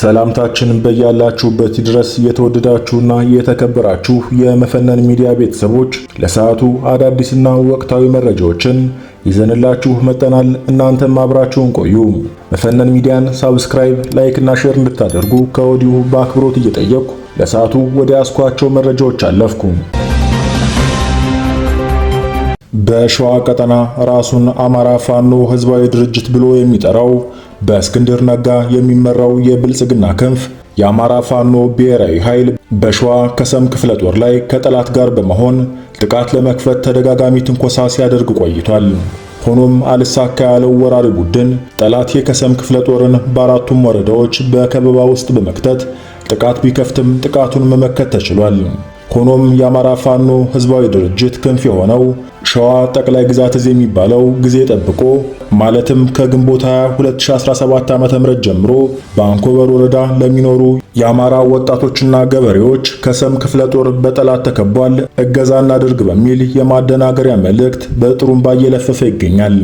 ሰላምታችን በያላችሁበት ድረስ የተወደዳችሁና የተከበራችሁ የመፈነን ሚዲያ ቤተሰቦች ለሰዓቱ አዳዲስና ወቅታዊ መረጃዎችን ይዘንላችሁ መጠናል። እናንተም አብራችሁን ቆዩ። መፈነን ሚዲያን ሳብስክራይብ፣ ላይክ እና ሼር እንድታደርጉ ከወዲሁ በአክብሮት እየጠየቅኩ ለሰዓቱ ወደ ያስኳቸው መረጃዎች አለፍኩ። በሸዋ ቀጠና ራሱን አማራ ፋኖ ህዝባዊ ድርጅት ብሎ የሚጠራው በእስክንድር ነጋ የሚመራው የብልጽግና ክንፍ የአማራ ፋኖ ብሔራዊ ኃይል በሸዋ ከሰም ክፍለ ጦር ላይ ከጠላት ጋር በመሆን ጥቃት ለመክፈት ተደጋጋሚ ትንኮሳ ሲያደርግ ቆይቷል። ሆኖም አልሳካ ያለው ወራሪ ቡድን ጠላት የከሰም ክፍለ ጦርን በአራቱም ወረዳዎች በከበባ ውስጥ በመክተት ጥቃት ቢከፍትም ጥቃቱን መመከት ተችሏል። ሆኖም የአማራ ፋኖ ህዝባዊ ድርጅት ክንፍ የሆነው ሸዋ ጠቅላይ ግዛት እዝ የሚባለው ጊዜ ጠብቆ ማለትም ከግንቦት 20 2017 ዓ.ም ጀምሮ በአንኮበር ወረዳ ለሚኖሩ የአማራ ወጣቶችና ገበሬዎች ከሰም ክፍለ ጦር በጠላት ተከቧል፣ እገዛ እናድርግ በሚል የማደናገሪያ መልእክት በጥሩምባ እየለፈፈ ይገኛል።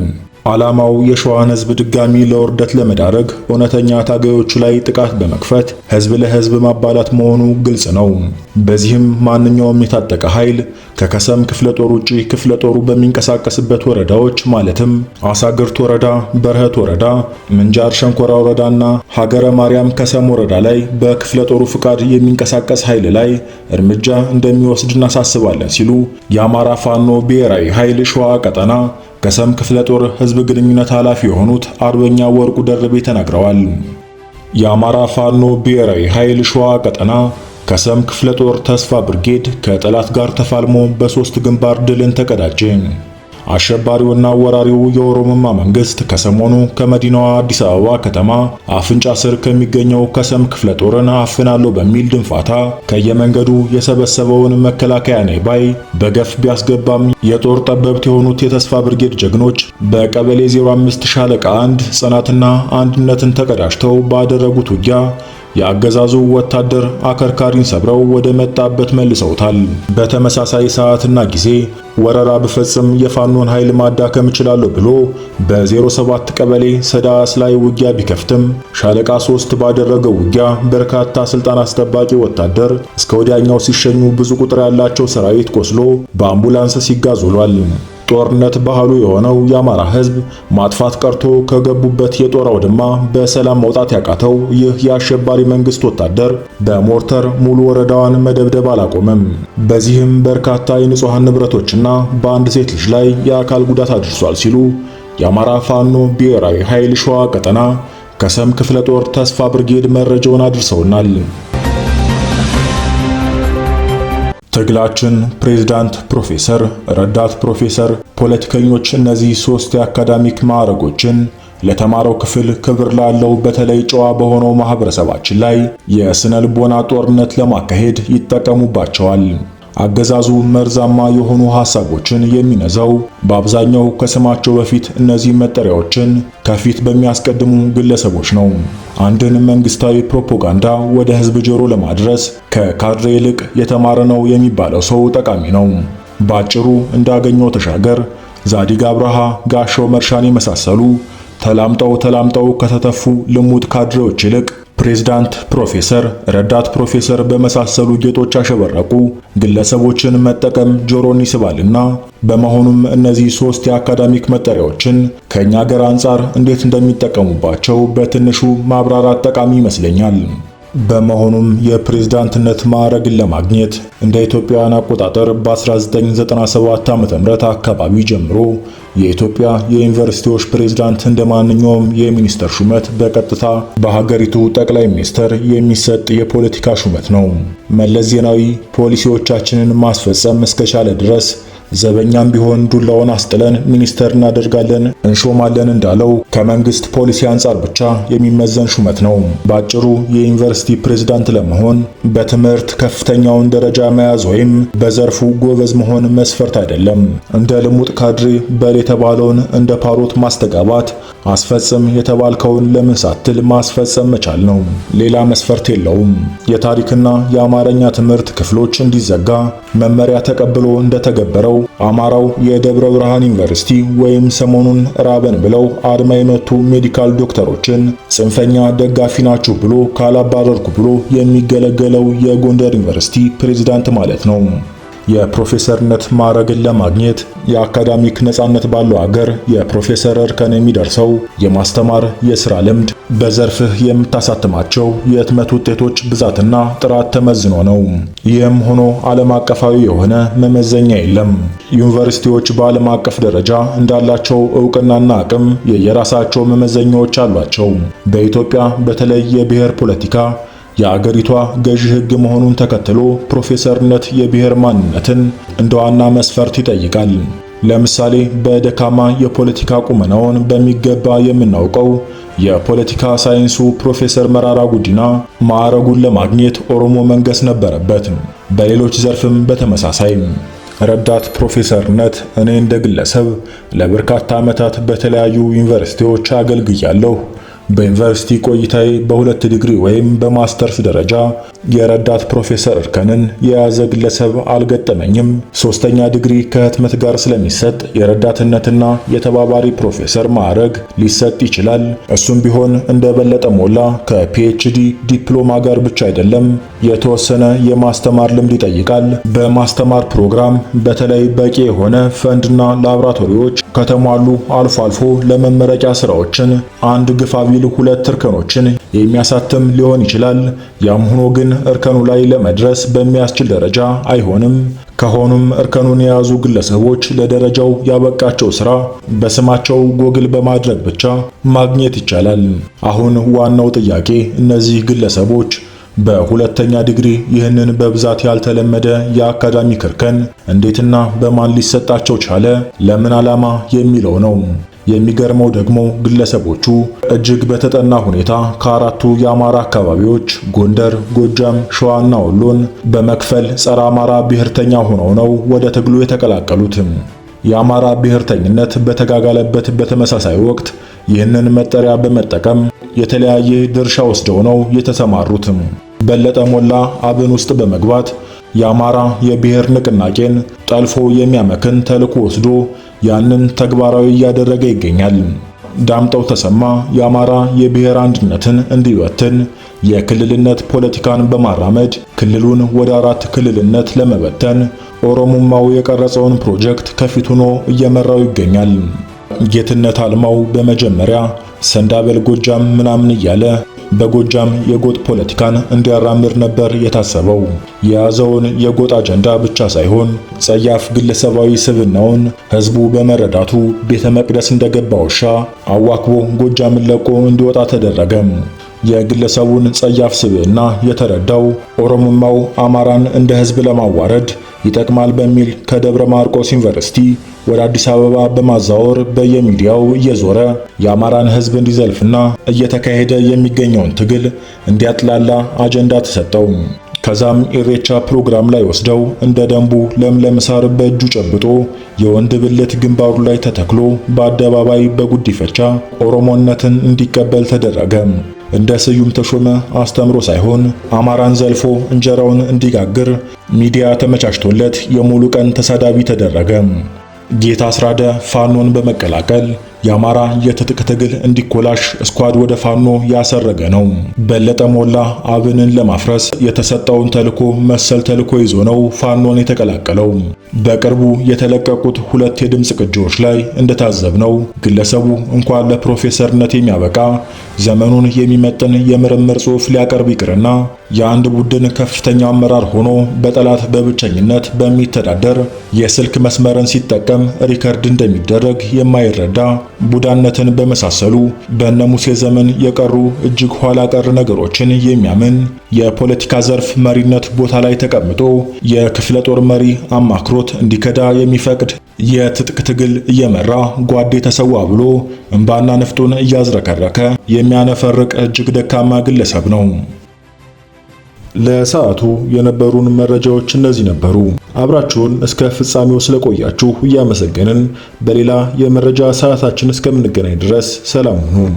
ዓላማው የሸዋን ህዝብ ድጋሚ ለውርደት ለመዳረግ እውነተኛ ታጋዮቹ ላይ ጥቃት በመክፈት ህዝብ ለህዝብ ማባላት መሆኑ ግልጽ ነው። በዚህም ማንኛውም የታጠቀ ኃይል ከከሰም ክፍለ ጦር ውጪ ክፍለ ጦሩ በሚንቀሳቀስበት ወረዳዎች ማለትም አሳግርት ወረዳ፣ በረኸት ወረዳ፣ ምንጃር ሸንኮራ ወረዳና ሀገረ ማርያም ከሰም ወረዳ ላይ በክፍለ ጦሩ ፍቃድ የሚንቀሳቀስ ኃይል ላይ እርምጃ እንደሚወስድ እናሳስባለን ሲሉ የአማራ ፋኖ ብሔራዊ ኃይል ሸዋ ቀጠና ከሰም ክፍለ ጦር ህዝብ ግንኙነት ኃላፊ የሆኑት አርበኛ ወርቁ ደርቤ ተናግረዋል። የአማራ ፋኖ ብሔራዊ ኃይል ሸዋ ቀጠና ከሰም ክፍለ ጦር ተስፋ ብርጌድ ከጠላት ጋር ተፋልሞ በሶስት ግንባር ድልን ተቀዳጀ። አሸባሪውና ወራሪው የኦሮሞማ መንግስት ከሰሞኑ ከመዲናዋ አዲስ አበባ ከተማ አፍንጫ ስር ከሚገኘው ከሰም ክፍለ ጦርን አፍናለሁ በሚል ድንፋታ ከየመንገዱ የሰበሰበውን መከላከያ ነኝ ባይ በገፍ ቢያስገባም የጦር ጠበብት የሆኑት የተስፋ ብርጌድ ጀግኖች በቀበሌ 05 ሻለቃ 1 ጽናትና አንድነትን ተቀዳጅተው ባደረጉት ውጊያ የአገዛዙ ወታደር አከርካሪን ሰብረው ወደ መጣበት መልሰውታል። በተመሳሳይ ሰዓትና ጊዜ ወረራ ብፈጽም የፋኖን ኃይል ማዳከም እችላለሁ ብሎ በ07 ቀበሌ ሰዳስ ላይ ውጊያ ቢከፍትም ሻለቃ 3 ባደረገው ውጊያ በርካታ ስልጣን አስጠባቂ ወታደር እስከ ወዲያኛው ሲሸኙ ብዙ ቁጥር ያላቸው ሰራዊት ቆስሎ በአምቡላንስ ሲጋዝ ውሏል። ጦርነት ባህሉ የሆነው የአማራ ሕዝብ ማጥፋት ቀርቶ ከገቡበት የጦር አውድማ በሰላም መውጣት ያቃተው ይህ የአሸባሪ መንግስት ወታደር በሞርተር ሙሉ ወረዳዋን መደብደብ አላቆመም። በዚህም በርካታ የንጹሐን ንብረቶችና በአንድ ሴት ልጅ ላይ የአካል ጉዳት አድርሷል ሲሉ የአማራ ፋኖ ብሔራዊ ኃይል ሸዋ ቀጠና ከሰም ክፍለ ጦር ተስፋ ብርጌድ መረጃውን አድርሰውናል። ትግላችን ፕሬዝዳንት፣ ፕሮፌሰር፣ ረዳት ፕሮፌሰር፣ ፖለቲከኞች እነዚህ ሶስት የአካዳሚክ ማዕረጎችን ለተማረው ክፍል ክብር ላለው በተለይ ጨዋ በሆነው ማህበረሰባችን ላይ የስነ ልቦና ጦርነት ለማካሄድ ይጠቀሙባቸዋል። አገዛዙ መርዛማ የሆኑ ሐሳቦችን የሚነዛው በአብዛኛው ከስማቸው በፊት እነዚህ መጠሪያዎችን ከፊት በሚያስቀድሙ ግለሰቦች ነው። አንድን መንግስታዊ ፕሮፓጋንዳ ወደ ሕዝብ ጆሮ ለማድረስ ከካድሬ ይልቅ የተማረ ነው የሚባለው ሰው ጠቃሚ ነው። ባጭሩ እንዳገኘው ተሻገር፣ ዛዲግ አብርሃ፣ ጋሻው መርሻን የመሳሰሉ ተላምጠው ተላምጠው ከተተፉ ልሙጥ ካድሬዎች ይልቅ ፕሬዝዳንት፣ ፕሮፌሰር፣ ረዳት ፕሮፌሰር በመሳሰሉ ጌጦች ያሸበረቁ ግለሰቦችን መጠቀም ጆሮን ይስባልና በመሆኑም እነዚህ ሶስት የአካዳሚክ መጠሪያዎችን ከኛ ሀገር አንጻር እንዴት እንደሚጠቀሙባቸው በትንሹ ማብራራት ጠቃሚ ይመስለኛል። በመሆኑም የፕሬዝዳንትነት ማዕረግን ለማግኘት እንደ ኢትዮጵያውያን አቆጣጠር በ1997 ዓ.ም አካባቢ ጀምሮ የኢትዮጵያ የዩኒቨርሲቲዎች ፕሬዝዳንት እንደ ማንኛውም የሚኒስተር ሹመት በቀጥታ በሀገሪቱ ጠቅላይ ሚኒስተር የሚሰጥ የፖለቲካ ሹመት ነው። መለስ ዜናዊ ፖሊሲዎቻችንን ማስፈጸም እስከቻለ ድረስ ዘበኛም ቢሆን ዱላውን አስጥለን ሚኒስተር እናደርጋለን እንሾማለን እንዳለው ከመንግስት ፖሊሲ አንጻር ብቻ የሚመዘን ሹመት ነው። ባጭሩ የዩኒቨርሲቲ ፕሬዝዳንት ለመሆን በትምህርት ከፍተኛውን ደረጃ መያዝ ወይም በዘርፉ ጎበዝ መሆን መስፈርት አይደለም። እንደ ልሙጥ ካድሬ በል የተባለውን እንደ ፓሮት ማስተጋባት፣ አስፈጽም የተባልከውን ለምን ሳትል ማስፈጸም መቻል ነው። ሌላ መስፈርት የለውም። የታሪክና የአማርኛ ትምህርት ክፍሎች እንዲዘጋ መመሪያ ተቀብሎ እንደተገበረው አማራው የደብረ ብርሃን ዩኒቨርሲቲ ወይም ሰሞኑን ራበን ብለው አድማ የመቱ ሜዲካል ዶክተሮችን ጽንፈኛ ደጋፊ ናችሁ ብሎ ካላባረርኩ ብሎ የሚገለገለው የጎንደር ዩኒቨርሲቲ ፕሬዝዳንት ማለት ነው። የፕሮፌሰርነት ማዕረግን ለማግኘት የአካዳሚክ ነጻነት ባለው አገር የፕሮፌሰር እርከን የሚደርሰው የማስተማር የስራ ልምድ በዘርፍህ የምታሳትማቸው የህትመት ውጤቶች ብዛትና ጥራት ተመዝኖ ነው። ይህም ሆኖ ዓለም አቀፋዊ የሆነ መመዘኛ የለም። ዩኒቨርሲቲዎች በዓለም አቀፍ ደረጃ እንዳላቸው እውቅናና አቅም የየራሳቸው መመዘኛዎች አሏቸው። በኢትዮጵያ በተለይ የብሔር ፖለቲካ የአገሪቷ ገዢ ህግ መሆኑን ተከትሎ ፕሮፌሰርነት የብሔር ማንነትን እንደ ዋና መስፈርት ይጠይቃል። ለምሳሌ በደካማ የፖለቲካ ቁመናውን በሚገባ የምናውቀው የፖለቲካ ሳይንሱ ፕሮፌሰር መራራ ጉዲና ማዕረጉን ለማግኘት ኦሮሞ መንገስ ነበረበት። በሌሎች ዘርፍም በተመሳሳይ ረዳት ፕሮፌሰርነት እኔ እንደ ግለሰብ ለበርካታ ዓመታት በተለያዩ ዩኒቨርሲቲዎች አገልግያለሁ። በዩኒቨርሲቲ ቆይታዬ በሁለት ዲግሪ ወይም በማስተርስ ደረጃ የረዳት ፕሮፌሰር እርከንን የያዘ ግለሰብ አልገጠመኝም። ሶስተኛ ዲግሪ ከህትመት ጋር ስለሚሰጥ የረዳትነትና የተባባሪ ፕሮፌሰር ማዕረግ ሊሰጥ ይችላል። እሱም ቢሆን እንደ በለጠ ሞላ ከፒኤችዲ ዲፕሎማ ጋር ብቻ አይደለም፣ የተወሰነ የማስተማር ልምድ ይጠይቃል። በማስተማር ፕሮግራም በተለይ በቂ የሆነ ፈንድና ላብራቶሪዎች ከተሟሉ አልፎ አልፎ ለመመረቂያ ስራዎችን አንድ ግፋቢል ሁለት እርከኖችን የሚያሳትም ሊሆን ይችላል። ያም ሆኖ ግን እርከኑ ላይ ለመድረስ በሚያስችል ደረጃ አይሆንም። ከሆኑም እርከኑን የያዙ ግለሰቦች ለደረጃው ያበቃቸው ስራ በስማቸው ጎግል በማድረግ ብቻ ማግኘት ይቻላል። አሁን ዋናው ጥያቄ እነዚህ ግለሰቦች በሁለተኛ ዲግሪ ይህንን በብዛት ያልተለመደ የአካዳሚ ክርከን እንዴትና በማን ሊሰጣቸው ቻለ፣ ለምን ዓላማ የሚለው ነው። የሚገርመው ደግሞ ግለሰቦቹ እጅግ በተጠና ሁኔታ ከአራቱ የአማራ አካባቢዎች ጎንደር፣ ጎጃም፣ ሸዋና ወሎን በመክፈል ጸረ አማራ ብሔርተኛ ሆነው ነው ወደ ትግሉ የተቀላቀሉት። የአማራ ብሔርተኝነት በተጋጋለበት በተመሳሳይ ወቅት ይህንን መጠሪያ በመጠቀም የተለያየ ድርሻ ወስደው ነው የተሰማሩትም። በለጠ ሞላ አብን ውስጥ በመግባት የአማራ የብሔር ንቅናቄን ጠልፎ የሚያመክን ተልዕኮ ወስዶ ያንን ተግባራዊ እያደረገ ይገኛል። ዳምጠው ተሰማ የአማራ የብሔር አንድነትን እንዲበትን የክልልነት ፖለቲካን በማራመድ ክልሉን ወደ አራት ክልልነት ለመበተን ኦሮሞማው የቀረጸውን ፕሮጀክት ከፊት ሆኖ እየመራው ይገኛል። ጌትነት አልማው በመጀመሪያ ሰንዳበል ጎጃም ምናምን እያለ በጎጃም የጎጥ ፖለቲካን እንዲያራምድ ነበር የታሰበው። የያዘውን የጎጥ አጀንዳ ብቻ ሳይሆን ጸያፍ ግለሰባዊ ስብናውን ህዝቡ በመረዳቱ ቤተ መቅደስ እንደገባ ውሻ አዋክቦ ጎጃምን ለቆ እንዲወጣ ተደረገም። የግለሰቡን ጸያፍ ስብዕና የተረዳው ኦሮሞማው አማራን እንደ ህዝብ ለማዋረድ ይጠቅማል በሚል ከደብረ ማርቆስ ዩኒቨርሲቲ ወደ አዲስ አበባ በማዛወር በየሚዲያው እየዞረ የአማራን ሕዝብ እንዲዘልፍና እየተካሄደ የሚገኘውን ትግል እንዲያጥላላ አጀንዳ ተሰጠው። ከዛም ኢሬቻ ፕሮግራም ላይ ወስደው እንደ ደንቡ ለምለም ሳር በእጁ ጨብጦ የወንድ ብልት ግንባሩ ላይ ተተክሎ በአደባባይ በጉዲፈቻ ኦሮሞነትን እንዲቀበል ተደረገ። እንደ ስዩም ተሾመ አስተምሮ ሳይሆን አማራን ዘልፎ እንጀራውን እንዲጋግር ሚዲያ ተመቻችቶለት የሙሉ ቀን ተሳዳቢ ተደረገ። ጌታ አስራደ ፋኖን በመቀላቀል የአማራ የትጥቅ ትግል እንዲኮላሽ ስኳድ ወደ ፋኖ ያሰረገ ነው። በለጠ ሞላ አብንን ለማፍረስ የተሰጠውን ተልኮ መሰል ተልኮ ይዞ ነው ፋኖን የተቀላቀለው። በቅርቡ የተለቀቁት ሁለት የድምፅ ቅጂዎች ላይ እንደታዘብነው ግለሰቡ እንኳን ለፕሮፌሰርነት የሚያበቃ ዘመኑን የሚመጥን የምርምር ጽሑፍ ሊያቀርብ ይቅርና የአንድ ቡድን ከፍተኛ አመራር ሆኖ በጠላት በብቸኝነት በሚተዳደር የስልክ መስመርን ሲጠቀም ሪከርድ እንደሚደረግ የማይረዳ ቡዳነትን በመሳሰሉ በእነ ሙሴ ዘመን የቀሩ እጅግ ኋላ ቀር ነገሮችን የሚያምን የፖለቲካ ዘርፍ መሪነት ቦታ ላይ ተቀምጦ የክፍለ ጦር መሪ አማክሮት እንዲከዳ የሚፈቅድ የትጥቅ ትግል እየመራ ጓዴ ተሰዋ ብሎ እምባና ንፍጡን እያዝረከረከ የሚያነፈርቅ እጅግ ደካማ ግለሰብ ነው። ለሰዓቱ የነበሩን መረጃዎች እነዚህ ነበሩ። አብራችሁን እስከ ፍጻሜው ስለቆያችሁ እያመሰገንን በሌላ የመረጃ ሰዓታችን እስከምንገናኝ ድረስ ሰላም ሁኑ።